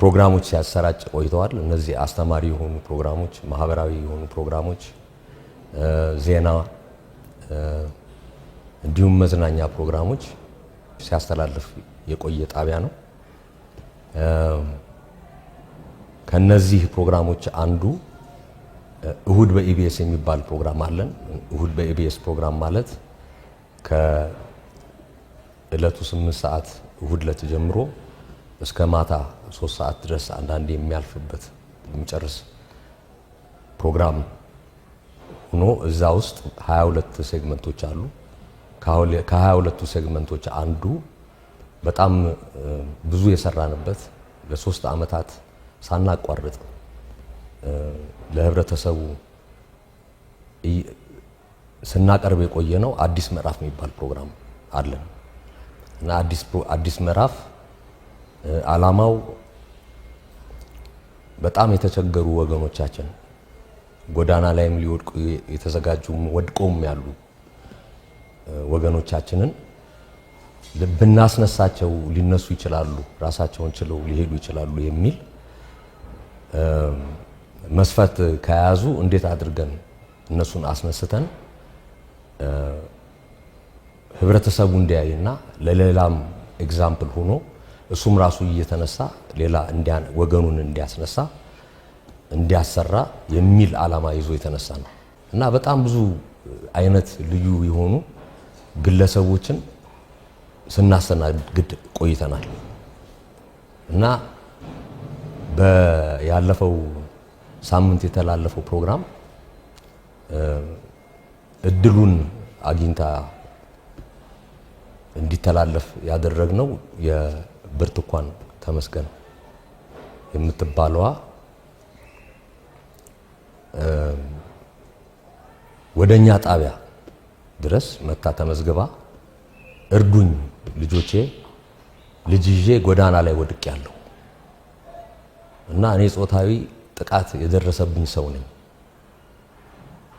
ፕሮግራሞች ሲያሰራጭ ቆይተዋል። እነዚህ አስተማሪ የሆኑ ፕሮግራሞች፣ ማህበራዊ የሆኑ ፕሮግራሞች፣ ዜና እንዲሁም መዝናኛ ፕሮግራሞች ሲያስተላልፍ የቆየ ጣቢያ ነው። ከነዚህ ፕሮግራሞች አንዱ እሁድ በኢቢኤስ የሚባል ፕሮግራም አለን። እሁድ በኢቢኤስ ፕሮግራም ማለት ከእለቱ ስምንት ሰዓት እሁድ ዕለት ጀምሮ እስከ ማታ ሶስት ሰዓት ድረስ አንዳንድ የሚያልፍበት የሚጨርስ ፕሮግራም ሆኖ እዛ ውስጥ 22 ሴግመንቶች አሉ። ከ22ቱ ሴግመንቶች አንዱ በጣም ብዙ የሰራንበት ለሶስት ዓመታት ሳናቋርጥ ለህብረተሰቡ ስናቀርብ የቆየ ነው። አዲስ ምዕራፍ የሚባል ፕሮግራም አለን እና አዲስ ምዕራፍ አላማው በጣም የተቸገሩ ወገኖቻችን ጎዳና ላይም ሊወድቁ የተዘጋጁ ወድቆም ያሉ ወገኖቻችንን ብናስነሳቸው ሊነሱ ይችላሉ፣ ራሳቸውን ችለው ሊሄዱ ይችላሉ የሚል መስፈት ከያዙ እንዴት አድርገን እነሱን አስነስተን ህብረተሰቡ እንዲያይና ለሌላም ኤግዛምፕል ሆኖ እሱም ራሱ እየተነሳ ሌላ ወገኑን እንዲያስነሳ እንዲያሰራ የሚል ዓላማ ይዞ የተነሳ ነው እና በጣም ብዙ አይነት ልዩ የሆኑ ግለሰቦችን ስናስተናግድ ቆይተናል እና ያለፈው ሳምንት የተላለፈው ፕሮግራም እድሉን አግኝታ እንዲተላለፍ ያደረግነው የብርቱካን ተመስገን የምትባለዋ ወደ እኛ ጣቢያ ድረስ መታ ተመዝግባ እርዱኝ ልጆቼ ልጅ ይዤ ጎዳና ላይ ወድቅ ያለው እና እኔ ጾታዊ ጥቃት የደረሰብኝ ሰው ነኝ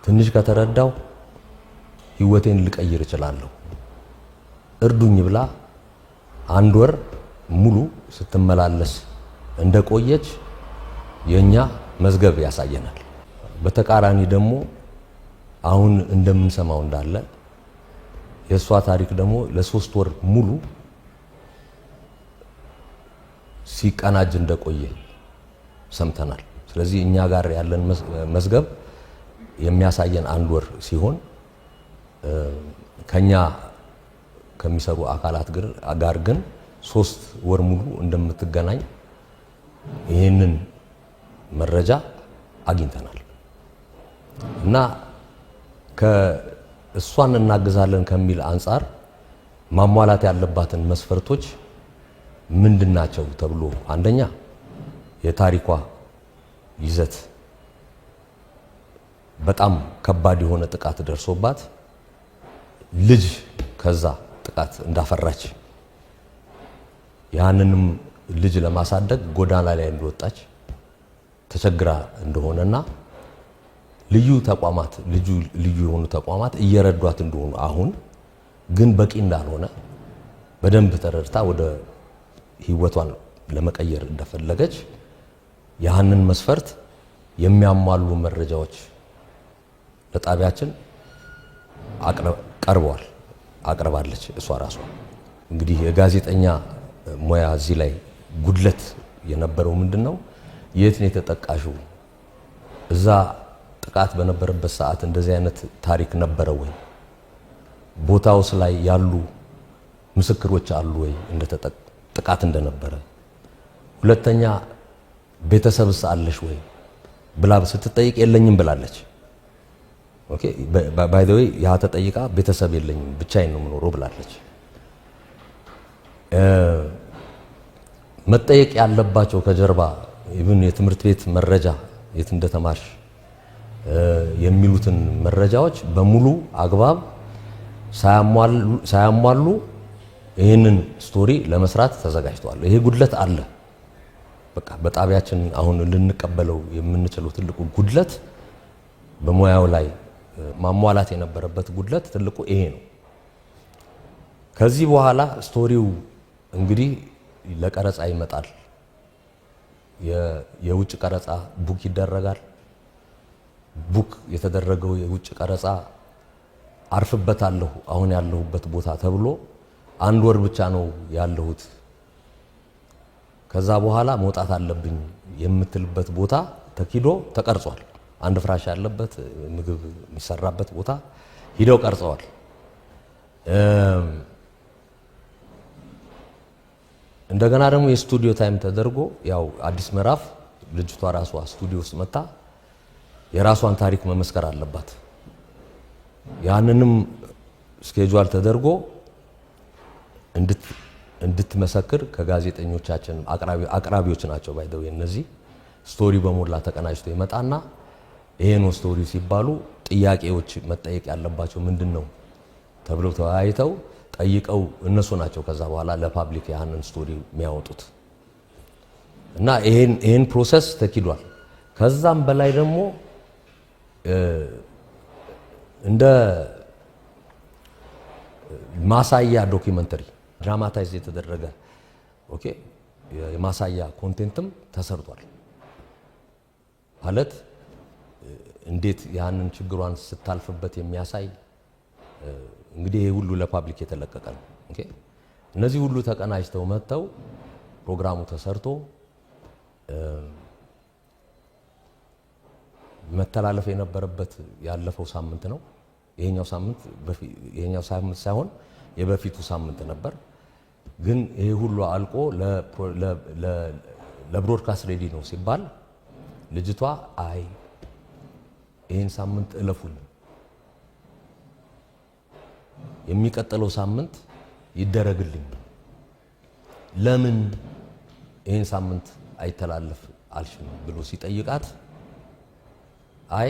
ትንሽ ከተረዳው ህይወቴን ልቀይር እችላለሁ እርዱኝ ብላ አንድ ወር ሙሉ ስትመላለስ እንደቆየች የእኛ መዝገብ ያሳየናል። በተቃራኒ ደግሞ አሁን እንደምንሰማው እንዳለ የእሷ ታሪክ ደግሞ ለሶስት ወር ሙሉ ሲቀናጅ እንደቆየ ሰምተናል። ስለዚህ እኛ ጋር ያለን መዝገብ የሚያሳየን አንድ ወር ሲሆን ከኛ ከሚሰሩ አካላት ጋር ግን ሶስት ወር ሙሉ እንደምትገናኝ ይህንን መረጃ አግኝተናል እና እሷን እናግዛለን ከሚል አንጻር ማሟላት ያለባትን መስፈርቶች ምንድን ናቸው ተብሎ አንደኛ የታሪኳ ይዘት በጣም ከባድ የሆነ ጥቃት ደርሶባት ልጅ ከዛ ጥቃት እንዳፈራች ያንንም ልጅ ለማሳደግ ጎዳና ላይ እንደወጣች ተቸግራ እንደሆነና ልዩ ተቋማት ልዩ ልዩ የሆኑ ተቋማት እየረዷት እንደሆኑ አሁን ግን በቂ እንዳልሆነ በደንብ ተረድታ ወደ ህይወቷን ለመቀየር እንደፈለገች ያንን መስፈርት የሚያሟሉ መረጃዎች ለጣቢያችን ቀርበዋል አቅርባለች። እሷ ራሷ እንግዲህ የጋዜጠኛ ሙያ እዚህ ላይ ጉድለት የነበረው ምንድን ነው? የት ነው የተጠቃሽው? እዛ ጥቃት በነበረበት ሰዓት እንደዚህ አይነት ታሪክ ነበረ ወይ? ቦታውስ ላይ ያሉ ምስክሮች አሉ ወይ ጥቃት እንደነበረ? ሁለተኛ ቤተሰብስ አለሽ ወይ ብላ ስትጠይቅ የለኝም ብላለች። ባይ ወይ ያ ተጠይቃ ቤተሰብ የለኝም ብቻዬን ነው የምኖረው ብላለች። መጠየቅ ያለባቸው ከጀርባ ይህን የትምህርት ቤት መረጃ የት እንደተማርሽ የሚሉትን መረጃዎች በሙሉ አግባብ ሳያሟሉ ይህንን ስቶሪ ለመስራት ተዘጋጅተዋል። ይሄ ጉድለት አለ። በቃ በጣቢያችን አሁን ልንቀበለው የምንችለው ትልቁ ጉድለት በሙያው ላይ ማሟላት የነበረበት ጉድለት ትልቁ ይሄ ነው። ከዚህ በኋላ ስቶሪው እንግዲህ ለቀረጻ ይመጣል። የውጭ ቀረጻ ቡክ ይደረጋል። ቡክ የተደረገው የውጭ ቀረጻ አርፍበታለሁ አሁን ያለሁበት ቦታ ተብሎ አንድ ወር ብቻ ነው ያለሁት። ከዛ በኋላ መውጣት አለብኝ የምትልበት ቦታ ተኪዶ ተቀርጿል። አንድ ፍራሽ ያለበት ምግብ የሚሰራበት ቦታ ሂደው ቀርጸዋል። እንደገና ደግሞ የስቱዲዮ ታይም ተደርጎ ያው አዲስ ምዕራፍ ልጅቷ ራሷ ስቱዲዮ ውስጥ መታ የራሷን ታሪክ መመስከር አለባት። ያንንም ስኬጁል ተደርጎ እንድትመሰክር ከጋዜጠኞቻችን አቅራቢዎች ናቸው ባይደው እነዚህ ስቶሪ በሞላ ተቀናጅቶ ይመጣና ይሄ ነው ስቶሪው ሲባሉ ጥያቄዎች መጠየቅ ያለባቸው ምንድን ነው ተብለው ተወያይተው ጠይቀው እነሱ ናቸው ከዛ በኋላ ለፓብሊክ ያንን ስቶሪ የሚያወጡት እና ይሄን ፕሮሰስ ተኪዷል። ከዛም በላይ ደግሞ እንደ ማሳያ ዶኪመንተሪ ድራማታይዝ የተደረገ ኦኬ የማሳያ ኮንቴንትም ተሰርቷል ማለት እንዴት ያንን ችግሯን ስታልፍበት የሚያሳይ እንግዲህ ይህ ሁሉ ለፓብሊክ የተለቀቀ ነው። እነዚህ ሁሉ ተቀናጅተው መጥተው ፕሮግራሙ ተሰርቶ መተላለፍ የነበረበት ያለፈው ሳምንት ነው። ይሄኛው ሳምንት ይሄኛው ሳምንት ሳይሆን የበፊቱ ሳምንት ነበር። ግን ይሄ ሁሉ አልቆ ለብሮድካስት ሬዲ ነው ሲባል ልጅቷ አይ ይህን ሳምንት እለፉልን። የሚቀጥለው ሳምንት ይደረግልኝ። ለምን ይህን ሳምንት አይተላለፍ አልሽም ብሎ ሲጠይቃት አይ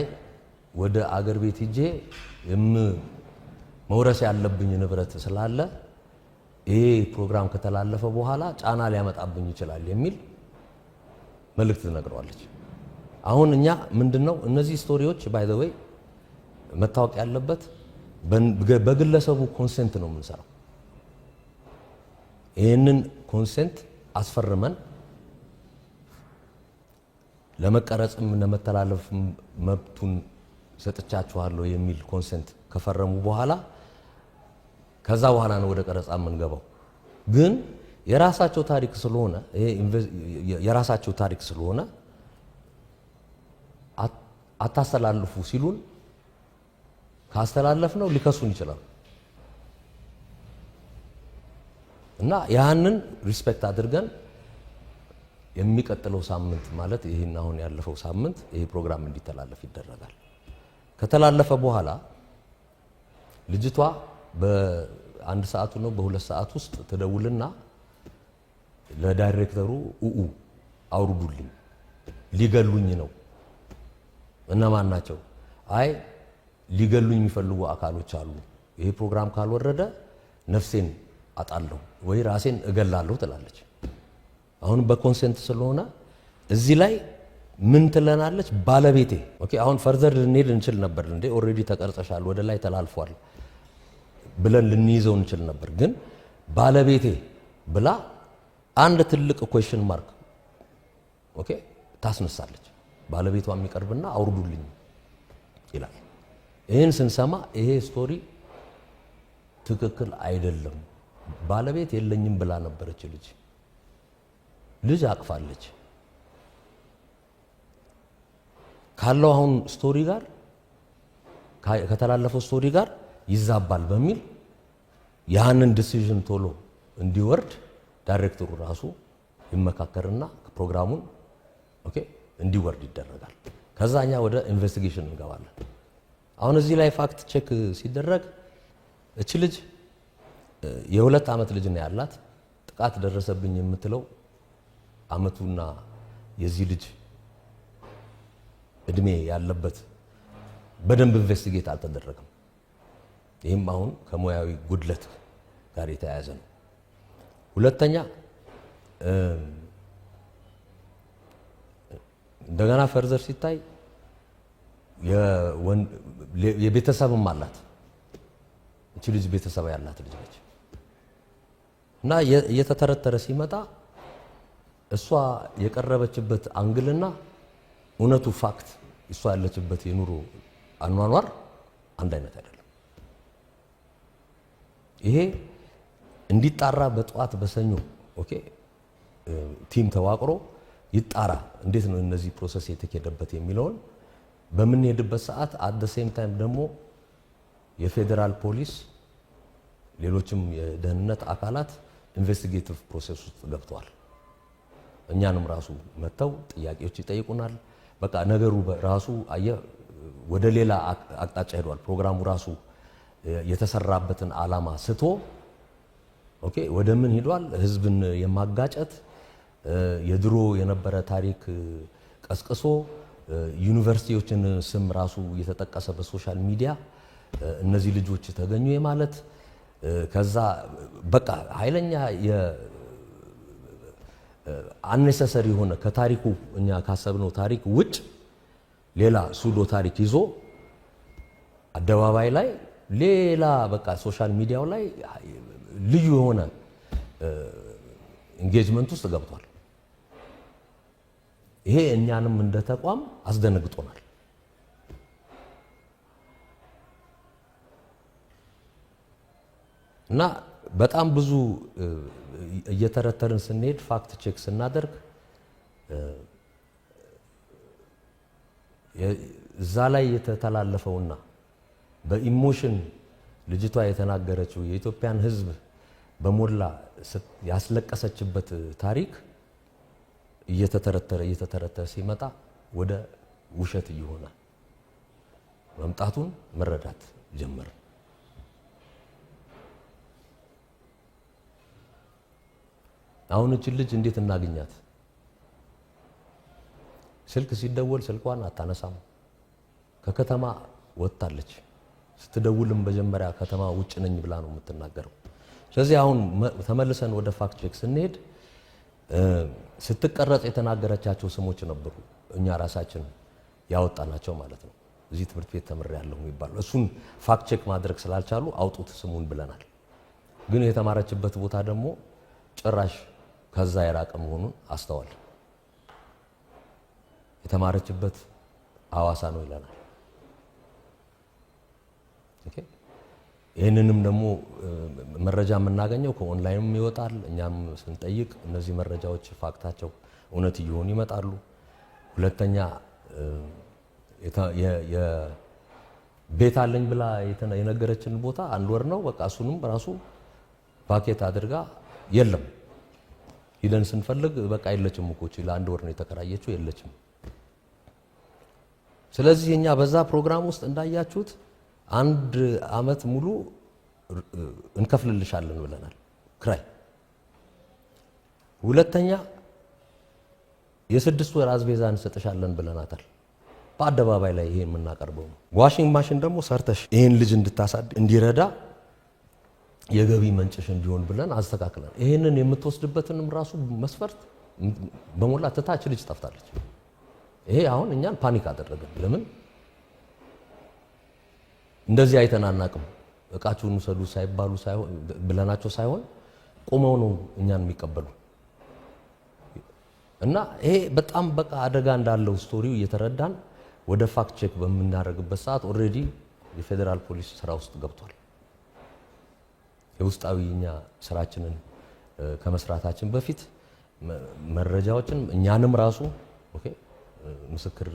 ወደ አገር ቤት ሂጄ መውረስ ያለብኝ ንብረት ስላለ ይሄ ፕሮግራም ከተላለፈ በኋላ ጫና ሊያመጣብኝ ይችላል የሚል መልእክት ትነግረዋለች። አሁን እኛ ምንድነው እነዚህ ስቶሪዎች ባይ ዘ ወይ መታወቅ ያለበት በግለሰቡ ኮንሴንት ነው የምንሰራው። ይህንን ኮንሴንት አስፈርመን ለመቀረጽም ለመተላለፍ መብቱን ሰጥቻችኋለሁ የሚል ኮንሰንት ከፈረሙ በኋላ ከዛ በኋላ ነው ወደ ቀረጻ የምንገባው። ግን የራሳቸው ታሪክ ስለሆነ የራሳቸው ታሪክ ስለሆነ አታስተላልፉ ሲሉን ካስተላለፍ ነው ሊከሱን ይችላል እና ያንን ሪስፔክት አድርገን የሚቀጥለው ሳምንት ማለት ይህን አሁን ያለፈው ሳምንት ይሄ ፕሮግራም እንዲተላለፍ ይደረጋል። ከተላለፈ በኋላ ልጅቷ በአንድ ሰዓቱ ነው በሁለት ሰዓት ውስጥ ትደውልና ለዳይሬክተሩ ኡኡ አውርዱልኝ ሊገሉኝ ነው እነማን ናቸው? አይ ሊገሉኝ የሚፈልጉ አካሎች አሉ፣ ይሄ ፕሮግራም ካልወረደ ነፍሴን አጣለሁ ወይ ራሴን እገላለሁ ትላለች። አሁን በኮንሴንት ስለሆነ እዚህ ላይ ምን ትለናለች? ባለቤቴ። ኦኬ አሁን ፈርዘር ልንሄድ እንችል ነበር እንዴ ኦልሬዲ ተቀርጸሻል፣ ወደ ላይ ተላልፏል ብለን ልንይዘው እንችል ነበር። ግን ባለቤቴ ብላ አንድ ትልቅ ኮሽን ማርክ ኦኬ ታስነሳለች። ባለቤቷ የሚቀርብና አውርዱልኝ ይላል። ይህን ስንሰማ ይሄ ስቶሪ ትክክል አይደለም። ባለቤት የለኝም ብላ ነበረች። ልጅ ልጅ አቅፋለች። ካለው አሁን ስቶሪ ጋር ከተላለፈው ስቶሪ ጋር ይዛባል በሚል ያንን ዲሲዥን ቶሎ እንዲወርድ ዳይሬክተሩ ራሱ ይመካከርና ፕሮግራሙን ኦኬ እንዲወርድ ይደረጋል። ከዛኛ ወደ ኢንቨስቲጌሽን እንገባለን። አሁን እዚህ ላይ ፋክት ቼክ ሲደረግ እች ልጅ የሁለት ዓመት ልጅ ነው ያላት። ጥቃት ደረሰብኝ የምትለው ዓመቱና የዚህ ልጅ እድሜ ያለበት በደንብ ኢንቨስቲጌት አልተደረገም። ይህም አሁን ከሙያዊ ጉድለት ጋር የተያያዘ ነው። ሁለተኛ እንደገና ፈርዘር ሲታይ የቤተሰብም አላት እቺ ልጅ ቤተሰብ ያላት ልጅ ነች። እና እየተተረተረ ሲመጣ እሷ የቀረበችበት አንግልና እውነቱ ፋክት እሷ ያለችበት የኑሮ አኗኗር አንድ አይነት አይደለም። ይሄ እንዲጣራ በጠዋት በሰኞ ኦኬ ቲም ተዋቅሮ ይጣራ። እንዴት ነው እነዚህ ፕሮሰስ የተኬደበት የሚለውን በምንሄድበት ሰዓት አት ዘ ሴም ታይም ደግሞ የፌዴራል ፖሊስ ሌሎችም የደህንነት አካላት ኢንቨስቲጌቲቭ ፕሮሰስ ውስጥ ገብተዋል። እኛንም ራሱ መጥተው ጥያቄዎች ይጠይቁናል። በቃ ነገሩ ራሱ አየ ወደ ሌላ አቅጣጫ ሄዷል። ፕሮግራሙ ራሱ የተሰራበትን አላማ ስቶ ኦኬ ወደ ምን ሄዷል? ህዝብን የማጋጨት የድሮ የነበረ ታሪክ ቀስቅሶ ዩኒቨርሲቲዎችን ስም ራሱ እየተጠቀሰ በሶሻል ሚዲያ እነዚህ ልጆች ተገኙ የማለት ከዛ በቃ ኃይለኛ አኔሰሰሪ የሆነ ከታሪኩ እኛ ካሰብነው ታሪክ ውጭ ሌላ ሱዶ ታሪክ ይዞ አደባባይ ላይ ሌላ በቃ ሶሻል ሚዲያው ላይ ልዩ የሆነ ኢንጌጅመንት ውስጥ ገብቷል። ይሄ እኛንም እንደ ተቋም አስደነግጦናል። እና በጣም ብዙ እየተረተርን ስንሄድ ፋክት ቼክ ስናደርግ እዛ ላይ የተተላለፈውና በኢሞሽን ልጅቷ የተናገረችው የኢትዮጵያን ሕዝብ በሞላ ያስለቀሰችበት ታሪክ እየተተረተረ እየተተረተረ ሲመጣ ወደ ውሸት እየሆነ መምጣቱን መረዳት ጀመር። አሁን እችን ልጅ እንዴት እናገኛት? ስልክ ሲደወል ስልኳን አታነሳም። ከከተማ ወጥታለች። ስትደውልም መጀመሪያ ከተማ ውጭ ነኝ ብላ ነው የምትናገረው። ስለዚህ አሁን ተመልሰን ወደ ፋክት ቼክ ስንሄድ ስትቀረጽ የተናገረቻቸው ስሞች ነበሩ። እኛ ራሳችን ያወጣናቸው ማለት ነው። እዚህ ትምህርት ቤት ተምሬያለሁ የሚባለው እሱን ፋክት ቼክ ማድረግ ስላልቻሉ አውጡት ስሙን ብለናል። ግን የተማረችበት ቦታ ደግሞ ጭራሽ ከዛ የራቀ መሆኑን አስተዋል። የተማረችበት ሐዋሳ ነው ይለናል። ይህንንም ደግሞ መረጃ የምናገኘው ከኦንላይንም ይወጣል። እኛም ስንጠይቅ እነዚህ መረጃዎች ፋክታቸው እውነት እየሆኑ ይመጣሉ። ሁለተኛ ቤት አለኝ ብላ የነገረችን ቦታ አንድ ወር ነው በቃ እሱንም ራሱ ፓኬት አድርጋ የለም ሂደን ስንፈልግ በቃ የለችም እኮ ለአንድ ወር ነው የተከራየችው የለችም። ስለዚህ እኛ በዛ ፕሮግራም ውስጥ እንዳያችሁት አንድ አመት ሙሉ እንከፍልልሻለን ብለናል ክራይ። ሁለተኛ የስድስት ወር አዝቤዛ እንሰጥሻለን ብለናታል። በአደባባይ ላይ ይሄ የምናቀርበው ነው። ዋሽንግ ማሽን ደግሞ ሰርተሽ ይሄን ልጅ እንድታሳድ እንዲረዳ የገቢ መንጭሽ እንዲሆን ብለን አስተካክለን ይህንን የምትወስድበትንም ራሱ መስፈርት በሞላ ትታች ልጅ ጠፍታለች። ይሄ አሁን እኛን ፓኒክ አደረገን። ለምን እንደዚህ አይተን አናቅም። እቃችሁን ውሰዱ ሳይባሉ ብለናቸው ሳይሆን ቆመው ነው እኛን የሚቀበሉ እና ይሄ በጣም በቃ አደጋ እንዳለው ስቶሪው እየተረዳን ወደ ፋክት ቼክ በምናደርግበት ሰዓት ኦልሬዲ የፌዴራል ፖሊስ ስራ ውስጥ ገብቷል። የውስጣዊ እኛ ስራችንን ከመስራታችን በፊት መረጃዎችን እኛንም ራሱ ምስክር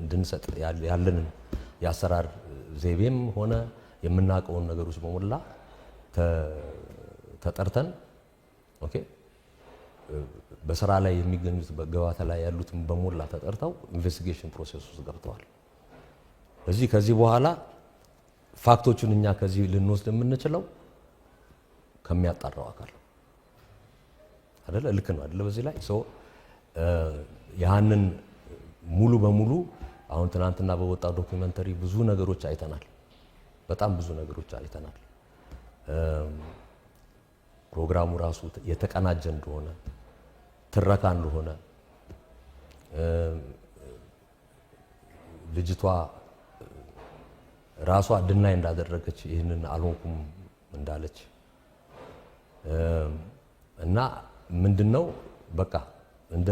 እንድንሰጥ ያለንን የአሰራር ዜቤም ሆነ የምናውቀውን ነገሮች በሞላ ተጠርተን ኦኬ በስራ ላይ የሚገኙት በገባተ ላይ ያሉትን በሞላ ተጠርተው ኢንቨስቲጌሽን ፕሮሴስ ውስጥ ገብተዋል። እዚህ ከዚህ በኋላ ፋክቶቹን እኛ ከዚህ ልንወስድ የምንችለው ከሚያጣራው አካል አደለ? ልክ ነው አደለ? በዚህ ላይ ያንን ሙሉ በሙሉ አሁን ትናንትና በወጣ ዶክመንተሪ ብዙ ነገሮች አይተናል። በጣም ብዙ ነገሮች አይተናል። ፕሮግራሙ ራሱ የተቀናጀ እንደሆነ ትረካ እንደሆነ ልጅቷ ራሷ ድናይ እንዳደረገች ይህንን አልሆንኩም እንዳለች እና ምንድን ነው በቃ እንደ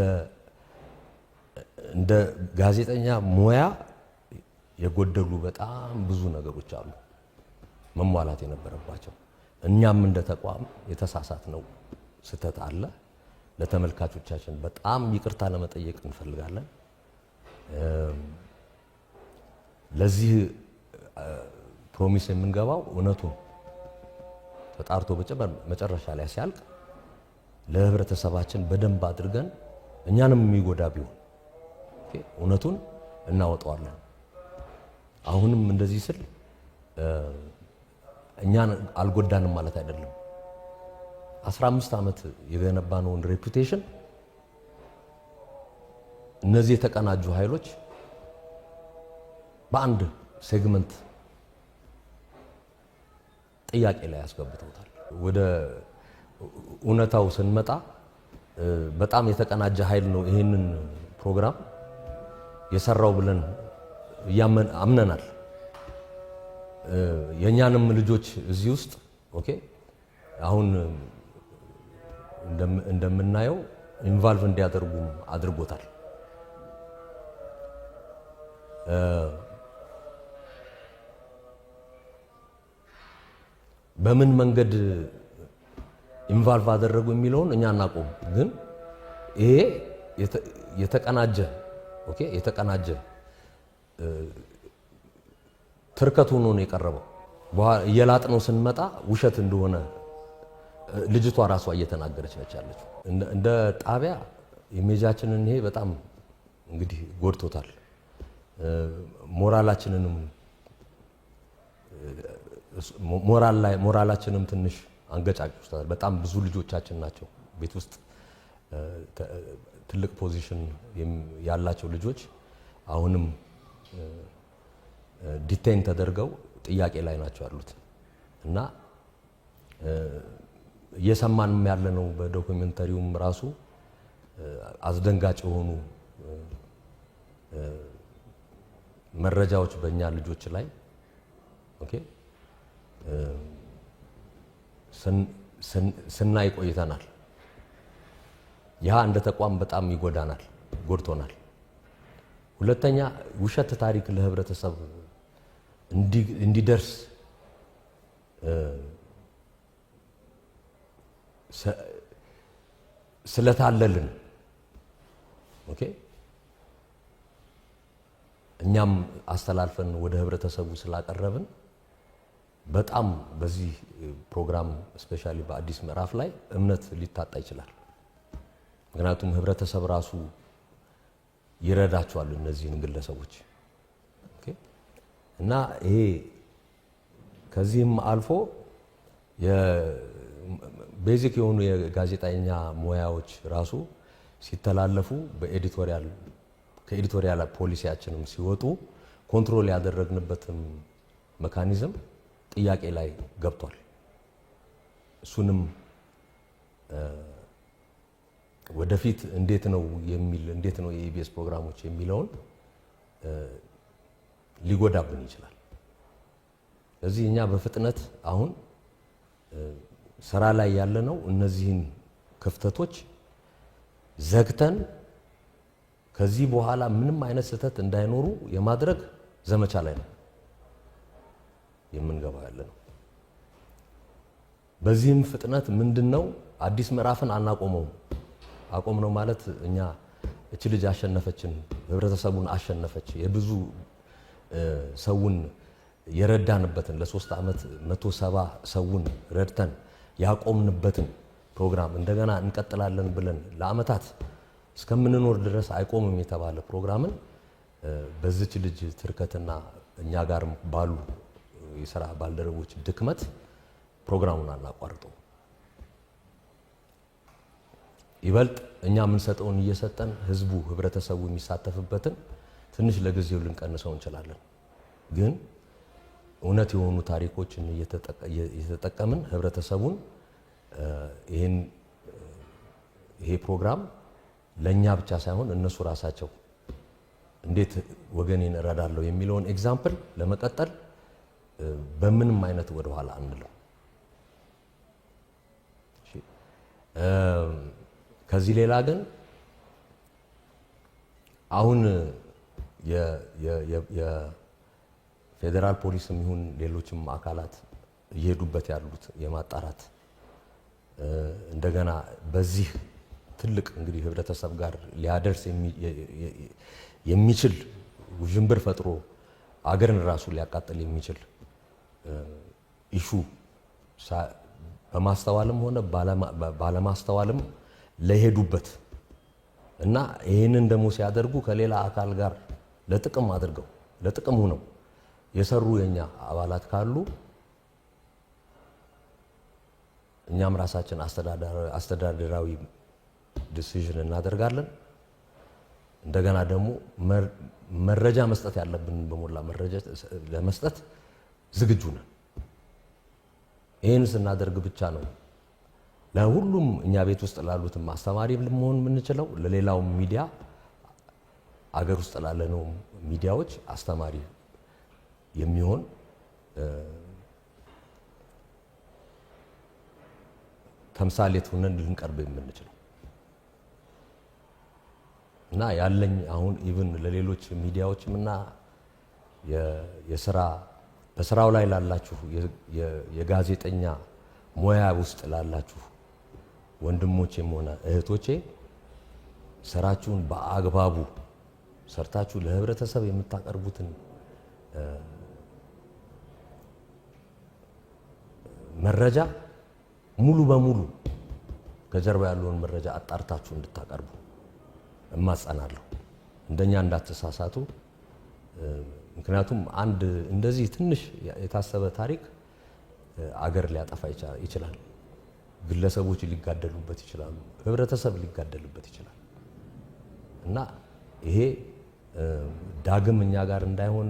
እንደ ጋዜጠኛ ሙያ የጎደሉ በጣም ብዙ ነገሮች አሉ መሟላት የነበረባቸው። እኛም እንደ ተቋም የተሳሳት ነው ስህተት አለ። ለተመልካቾቻችን በጣም ይቅርታ ለመጠየቅ እንፈልጋለን። ለዚህ ፕሮሚስ የምንገባው እውነቱ ተጣርቶ መጨረሻ ላይ ሲያልቅ ለህብረተሰባችን በደንብ አድርገን እኛንም የሚጎዳ ቢሆን እውነቱን እናወጣዋለን። አሁንም እንደዚህ ስል እኛን አልጎዳንም ማለት አይደለም። 15 ዓመት የገነባነውን ሬፑቴሽን እነዚህ የተቀናጁ ኃይሎች በአንድ ሴግመንት ጥያቄ ላይ ያስገብተውታል። ወደ እውነታው ስንመጣ በጣም የተቀናጀ ኃይል ነው ይህንን ፕሮግራም የሰራው ብለን አምነናል። የእኛንም ልጆች እዚህ ውስጥ ኦኬ አሁን እንደምናየው ኢንቫልቭ እንዲያደርጉም አድርጎታል። በምን መንገድ ኢንቫልቭ አደረጉ የሚለውን እኛ እናቆም፣ ግን ይሄ የተቀናጀ የተቀናጀ ትርከት ሆኖ ነው የቀረበው። እየላጥነው ስንመጣ ውሸት እንደሆነ ልጅቷ ራሷ እየተናገረች ነች ያለች እንደ ጣቢያ ኢሜጃችንን ይሄ በጣም እንግዲህ ጎድቶታል። ሞራላችንንም ሞራላችንም ትንሽ አንገጫጭቶታል። በጣም ብዙ ልጆቻችን ናቸው ቤት ውስጥ ትልቅ ፖዚሽን ያላቸው ልጆች አሁንም ዲቴን ተደርገው ጥያቄ ላይ ናቸው ያሉት እና እየሰማንም ያለ ነው። በዶክመንተሪውም ራሱ አስደንጋጭ የሆኑ መረጃዎች በእኛ ልጆች ላይ ስናይ ቆይተናል። ያ እንደ ተቋም በጣም ይጎዳናል፣ ጎድቶናል። ሁለተኛ ውሸት ታሪክ ለህብረተሰብ እንዲደርስ ስለታለልን ኦኬ እኛም አስተላልፈን ወደ ህብረተሰቡ ስላቀረብን በጣም በዚህ ፕሮግራም እስፔሻሊ በአዲስ ምዕራፍ ላይ እምነት ሊታጣ ይችላል። ምክንያቱም ህብረተሰብ ራሱ ይረዳቸዋል እነዚህን ግለሰቦች እና ይሄ ከዚህም አልፎ ቤዚክ የሆኑ የጋዜጠኛ ሙያዎች ራሱ ሲተላለፉ በኤዲቶሪያል ከኤዲቶሪያል ፖሊሲያችንም ሲወጡ ኮንትሮል ያደረግንበትም መካኒዝም ጥያቄ ላይ ገብቷል። እሱንም ወደፊት እንዴት ነው የሚል እንዴት ነው የኢቢኤስ ፕሮግራሞች የሚለውን ሊጎዳብን ይችላል። ስለዚህ እኛ በፍጥነት አሁን ስራ ላይ ያለነው እነዚህን ክፍተቶች ዘግተን ከዚህ በኋላ ምንም አይነት ስህተት እንዳይኖሩ የማድረግ ዘመቻ ላይ ነው የምንገባው ያለ ነው። በዚህም ፍጥነት ምንድን ነው አዲስ ምዕራፍን አናቆመውም። አቆም ነው ማለት እኛ እች ልጅ አሸነፈችን፣ ህብረተሰቡን አሸነፈች፣ የብዙ ሰውን የረዳንበትን ለሶስት ዓመት መቶ ሰባ ሰውን ረድተን ያቆምንበትን ፕሮግራም እንደገና እንቀጥላለን ብለን ለአመታት እስከምንኖር ድረስ አይቆምም የተባለ ፕሮግራምን በዚች ልጅ ትርከትና እኛ ጋርም ባሉ የስራ ባልደረቦች ድክመት ፕሮግራሙን አናቋርጠው። ይበልጥ እኛ የምንሰጠውን እየሰጠን ህዝቡ ህብረተሰቡ የሚሳተፍበትን ትንሽ ለጊዜው ልንቀንሰው እንችላለን። ግን እውነት የሆኑ ታሪኮችን እየተጠቀምን ህብረተሰቡን ይህን ይሄ ፕሮግራም ለእኛ ብቻ ሳይሆን እነሱ ራሳቸው እንዴት ወገኔን እረዳለሁ የሚለውን ኤግዛምፕል ለመቀጠል በምንም አይነት ወደኋላ አንልም። ከዚህ ሌላ ግን አሁን የፌዴራል ፖሊስም ይሁን ሌሎችም አካላት እየሄዱበት ያሉት የማጣራት እንደገና በዚህ ትልቅ እንግዲህ ህብረተሰብ ጋር ሊያደርስ የሚችል ውዥንብር ፈጥሮ አገርን ራሱ ሊያቃጥል የሚችል ኢሹ በማስተዋልም ሆነ ባለማስተዋልም ለሄዱበት እና ይህንን ደግሞ ሲያደርጉ ከሌላ አካል ጋር ለጥቅም አድርገው ለጥቅሙ ነው የሰሩ የኛ አባላት ካሉ እኛም ራሳችን አስተዳደራዊ ዲሲዥን እናደርጋለን። እንደገና ደግሞ መረጃ መስጠት ያለብንን በሞላ መረጃ ለመስጠት ዝግጁ ነን። ይህን ስናደርግ ብቻ ነው ለሁሉም እኛ ቤት ውስጥ ላሉት አስተማሪ መሆን የምንችለው ለሌላውም ሚዲያ አገር ውስጥ ላለነው ሚዲያዎች አስተማሪ የሚሆን ተምሳሌት ሆነን ልንቀርብ የምንችለው እና ያለኝ አሁን ኢቭን ለሌሎች ሚዲያዎችም እና የስራ በስራው ላይ ላላችሁ የጋዜጠኛ ሙያ ውስጥ ላላችሁ ወንድሞቼም ሆነ እህቶቼ ስራችሁን በአግባቡ ሰርታችሁ ለህብረተሰብ የምታቀርቡትን መረጃ ሙሉ በሙሉ ከጀርባ ያለውን መረጃ አጣርታችሁ እንድታቀርቡ እማጸናለሁ። እንደኛ እንዳትሳሳቱ። ምክንያቱም አንድ እንደዚህ ትንሽ የታሰበ ታሪክ አገር ሊያጠፋ ይችላል። ግለሰቦች ሊጋደሉበት ይችላሉ፣ ህብረተሰብ ሊጋደሉበት ይችላል እና ይሄ ዳግም እኛ ጋር እንዳይሆን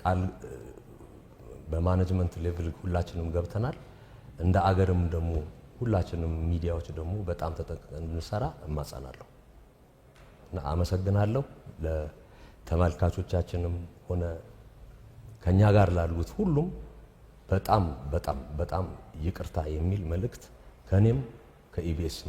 ቃል በማኔጅመንት ሌቭል ሁላችንም ገብተናል። እንደ አገርም ደግሞ ሁላችንም ሚዲያዎች ደግሞ በጣም ተጠንቅቀን እንድንሰራ እማጸናለሁ እና አመሰግናለሁ። ለተመልካቾቻችንም ሆነ ከእኛ ጋር ላሉት ሁሉም በጣም በጣም በጣም ይቅርታ የሚል መልእክት ከእኔም ከኢቢኤስም